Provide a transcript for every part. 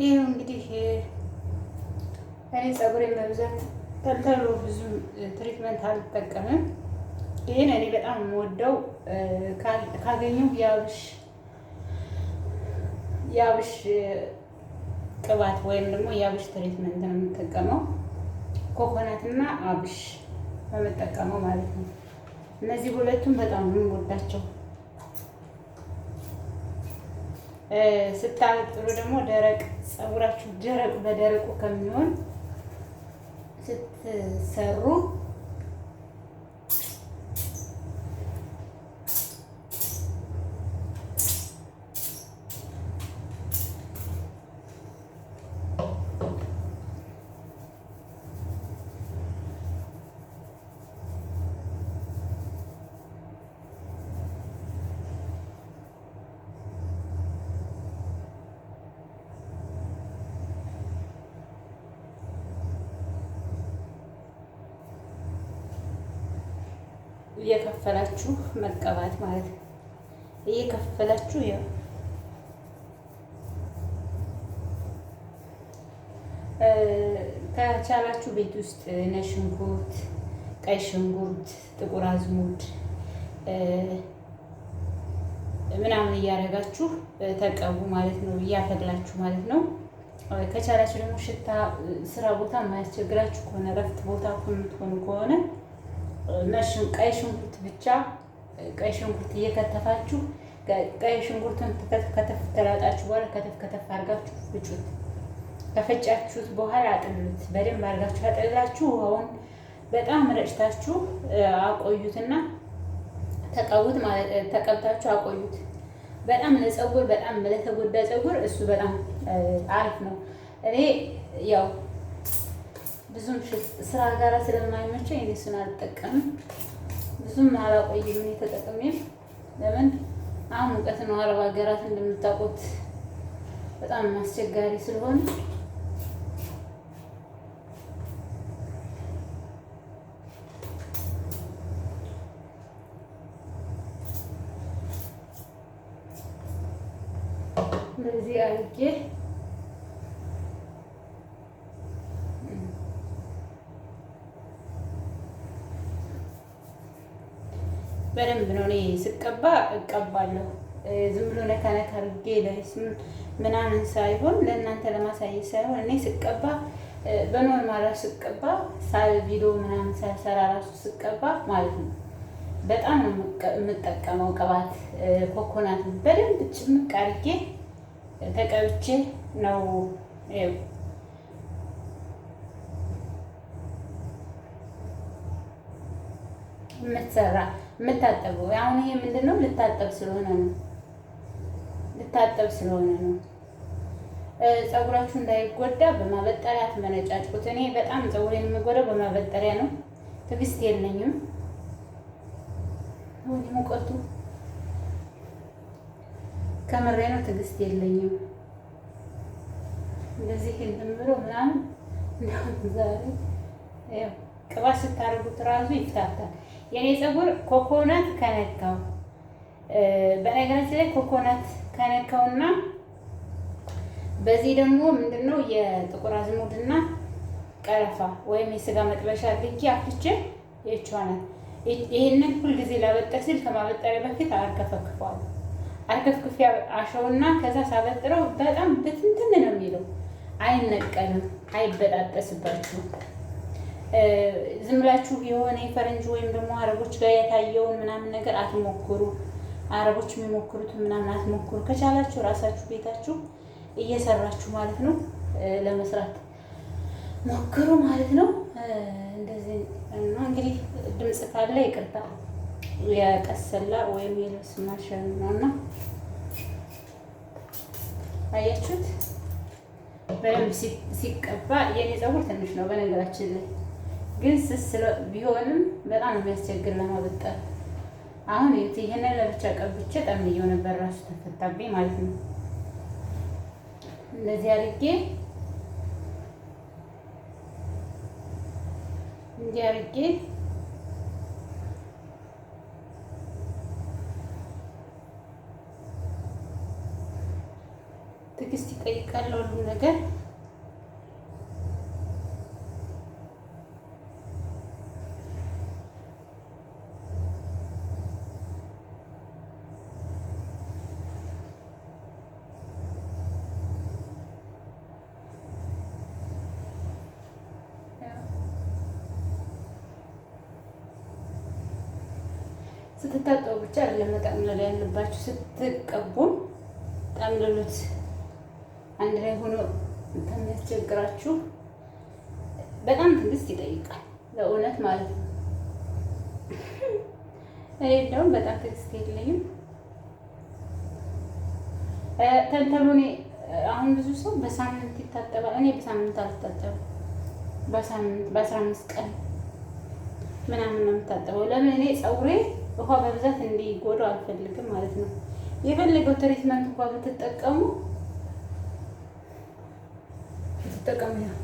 ይህ እንግዲህ እኔ ፀጉሬ መብዛት ተልተሎ ብዙ ትሪትመንት አልጠቀምም። ይህን እኔ በጣም የምወደው ካገኘው የአብሽ የአብሽ ቅባት ወይም ደግሞ የአብሽ ትሪትመንት ነው የምጠቀመው። ኮኮናትና አብሽ በመጠቀመው ማለት ነው። እነዚህ ሁለቱም በጣም የምወዳቸው ስታበጥሩ ደግሞ ደረቅ ፀጉራችሁ ደረቅ በደረቁ ከሚሆን ስትሰሩ እየከፈላችሁ መቀባት ማለት ነው። እየከፈላችሁ ያው ከቻላችሁ ቤት ውስጥ ነጭ ሽንኩርት፣ ቀይ ሽንኩርት፣ ጥቁር አዝሙድ ምናምን እያደረጋችሁ ተቀቡ ማለት ነው። እያፈላችሁ ማለት ነው። ከቻላችሁ ደግሞ ሽታ ስራ ቦታ የማያስቸግራችሁ ከሆነ እረፍት ቦታ የምትሆኑ ከሆነ ቀይ ሽንኩርት ብቻ ቀይ ሽንኩርት እየከተፋችሁ ቀይ ሽንኩርቱን ከተፍ ተላጣችሁ በኋላ ከተፍ ከተፍ አድርጋችሁ ፍጩት። ከፈጫችሁት በኋላ አጥሉት። በደንብ አድርጋችሁ አጥላችሁ ውሃውን በጣም ረጭታችሁ አቆዩትና ተቀቡት ማለት ተቀብታችሁ አቆዩት። በጣም ለፀጉር በጣም ለተጎዳ ፀጉር እሱ በጣም አሪፍ ነው። እኔ ያው ብዙም ስራ ጋራ ስለማይመቸኝ እኔ እሱን አልጠቀምም። ብዙም አላቆይም እኔ ተጠቅሜም። ለምን አሁን ሙቀት ነው። አረብ ሀገራት እንደምታውቁት በጣም አስቸጋሪ ስለሆነ በደንብ ነው እኔ ስቀባ እቀባለሁ። ዝም ብሎ ነካ ነካ አድርጌ ምናምን ሳይሆን ለእናንተ ለማሳየት ሳይሆን እኔ ስቀባ በኖርማል ራሱ ስቀባ ሳል ቪዲዮ ምናምን ሳሰራ ራሱ ስቀባ ማለት ነው በጣም የምጠቀመው ቅባት ኮኮናት በደንብ ጭምቅ አድርጌ ተቀብቼ ነው የምትሰራ የምታጠበው። አሁን ይሄ ምንድን ነው? ልታጠብ ስለሆነ ነው። ልታጠብ ስለሆነ ነው። ፀጉራችሁ እንዳይጎዳ በማበጠሪያ አትመነጫጭቁት። እኔ በጣም ፀጉሬን የምጎዳው በማበጠሪያ ነው። ትግስት የለኝም። ወይ ሙቀቱ ከምሬ ነው። ትግስት የለኝም። እንደዚህ እንትን ብሎ ምናምን ዛሬ ቅባት ስታደርጉት ራሱ ይፍታታል። የኔ ፀጉር ኮኮናት ከነካው፣ በነገራችን ላይ ኮኮናት ከነካውና በዚህ ደግሞ ምንድነው የጥቁር አዝሙድና ቀረፋ ወይም የስጋ መጥበሻ አድርጌ አፍልቼ የቻናል ይሄንን ሁልጊዜ ላበጥር ሲል ከማበጠሪ በፊት አርከፈክፈዋለሁ። አርከፍክፌ አሸውና ከዛ ሳበጥረው በጣም ብትንትን ነው የሚለው አይነቀልም፣ አይበጣጠስባችሁም። ዝም ብላችሁ የሆነ የፈረንጅ ወይም ደግሞ አረቦች ጋር የታየውን ምናምን ነገር አትሞክሩ። አረቦች የሚሞክሩትን ምናምን አትሞክሩ። ከቻላችሁ ራሳችሁ ቤታችሁ እየሰራችሁ ማለት ነው ለመስራት ሞክሩ ማለት ነው። እንደዚህ እና እንግዲህ ድምፅ ካለ ይቅርታ፣ የቀሰላ ወይም የልብስ ማሸን ነው እና አያችሁት በደንብ ሲቀባ የኔ ፀጉር ትንሽ ነው በነገራችን ላይ ግን ስስ ቢሆንም በጣም የሚያስቸግር ለማበጠር። አሁን ይህንን ለብቻ ቀብቼ ጠምየው ነበር ራሱ ተፈታብኝ ማለት ነው። እንደዚህ አድርጌ እንዲህ አድርጌ ትዕግስት ይጠይቃል ሁሉ ነገር ስትታጠቡ ብቻ አይደለም መጠቅለል ያለባችሁ፣ ስትቀቡም ጠምልሉት። አንድ ላይ ሆኖ ከሚያስቸግራችሁ በጣም ትዕግስት ይጠይቃል፣ ለእውነት ማለት ነው። እኔ እንደውም በጣም ትዕግስት የለኝም። ተንተሉኔ አሁን ብዙ ሰው በሳምንት ይታጠባል። እኔ በሳምንት አልታጠብም። በሳምንት በአስራ አምስት ቀን ምናምን ነው የምታጠበው። ለምን እኔ ፀጉሬ ውሃ በብዛት እንዲጎዱ አልፈልግም ማለት ነው። የፈለገው ትሪትመንት እንኳ ብትጠቀሙ ብትጠቀሙ ነው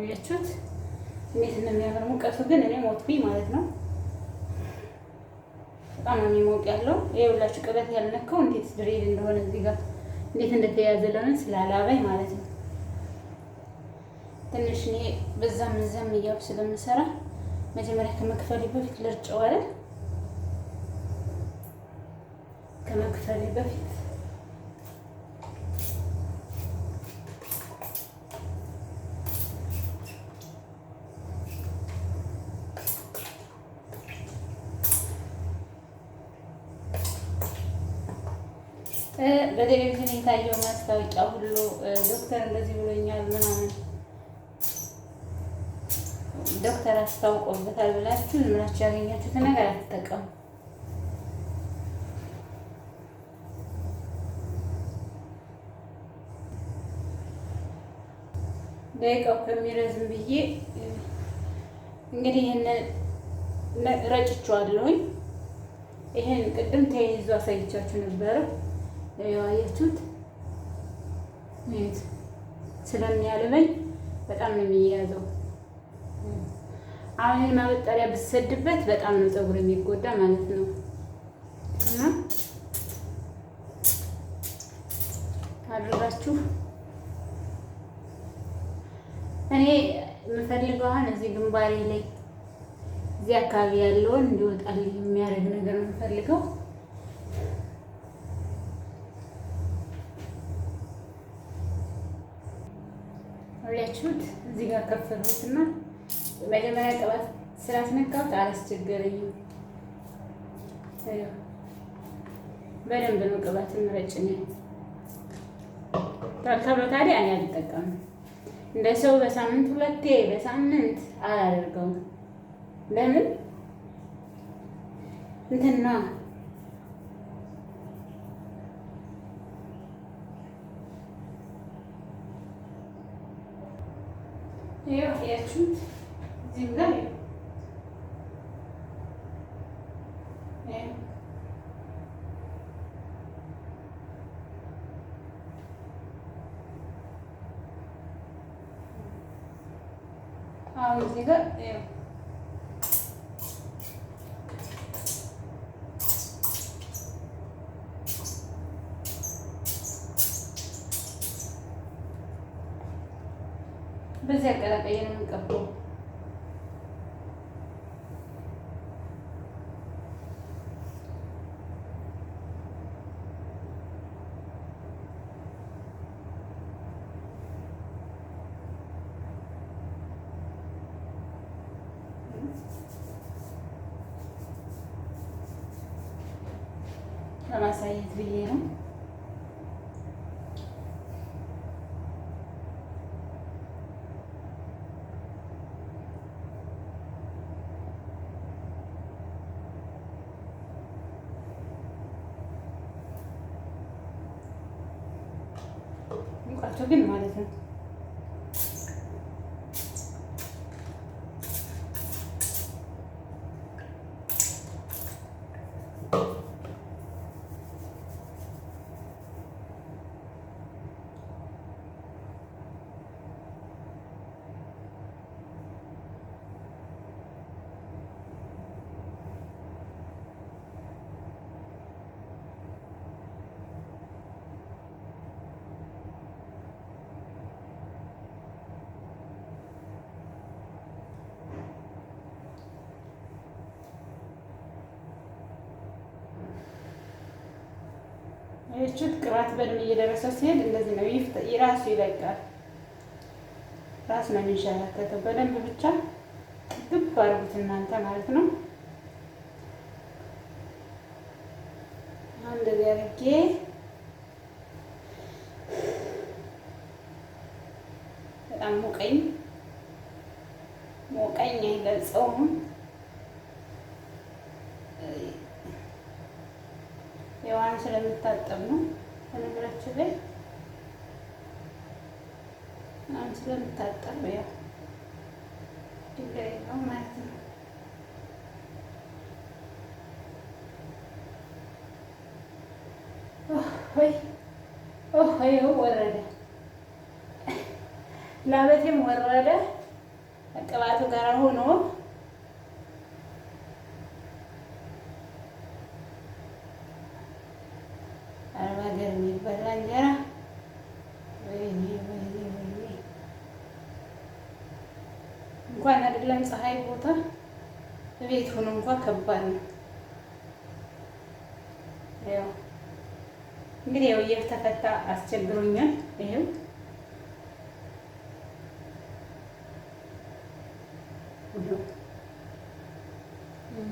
እንዴት እንደሚያምር ሙቀቱ ግን እኔ ሞትኩኝ ማለት ነው። በጣም ነው የሚሞቅ ያለው። ይሄ ሁላችሁ ቅበት ያልነካው እንዴት ድሬድ እንደሆነ እዚህ ጋር እንዴት እንደተያዘ ለምን ስላላበኝ ማለት ነው። ትንሽ እኔ በዛም እዛም እያው ስለምሰራ መጀመሪያ ከመክፈል በፊት ልርጨው አይደል? ከመክፈል በፊት በቴሌቪዥን የታየው ማስታወቂያ ሁሉ ዶክተር እንደዚህ ብሎኛል ምናምን አስታውቆበታል ብላችሁ ዝምናችሁ ብላችሁ ያገኛችሁትን ነገር አትጠቀሙ። ደቂቃው ከሚረዝም ብዬ እንግዲህ ይህንን ረጭቼዋለሁኝ። ይህን ቅድም ተያይዞ አሳይቻችሁ ነበረ። ያዋያችሁት ስለሚያልበኝ በጣም ነው የሚያዘው። አሁን ይህን ማበጠሪያ ብትሰድበት በጣም ነው ፀጉር የሚጎዳ ማለት ነው። እና አድርጋችሁ እኔ የምፈልገው አሁን እዚህ ግንባሬ ላይ እዚህ አካባቢ ያለውን እንዲወጣል የሚያደርግ ነገር ነው የምፈልገው። ወያችሁት እዚህ ጋር ከፈሉትና መጀመሪያ ጠዋት ስላስነካሁት አላስቸገረኝም። በደንብ ነው ቅባት ምረጭኝ ተብሎ ታዲያ እኔ አልጠቀምም። እንደ ሰው በሳምንት ሁለቴ በሳምንት አላደርገውም። ለምን እንትና ያችሁት 几个？哎，啊，几个？哎 saído, vieram. ሙቀቱ ግን አያችሁት? ቅባት በእድሜ እየደረሰ ሲሄድ እንደዚህ ነው። ይራሱ ይለቃል። ራስ ነው የሚንሸራተተው። በደንብ ብቻ ጥብቅ አድርጉት እናንተ ማለት ነው። አንድ አድርጌ በጣም ሙቀኝ እያጣጣም ነው። በነገራችን ላይ ምናምን ስለምታጣም ያው ድንጋይ ነው ማለት ነው። ይኸው ወረደ፣ ላበቴም ወረደ ቅባቱ ጋር ሆኖ አይደለም ፀሐይ ቦታ ቤት ሆኖ እንኳ ከባድ ነው። ያው እንግዲህ ያው እየተፈታ አስቸግሮኛል። ይሄው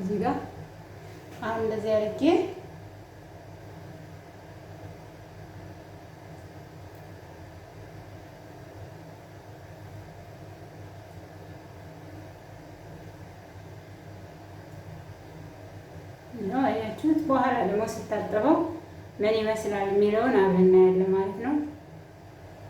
እዚህ ጋር አሁን እንደዚህ አድርጌ ስታጠበው ምን ይመስላል የሚለውን አብረን እናያለን ማለት ነው።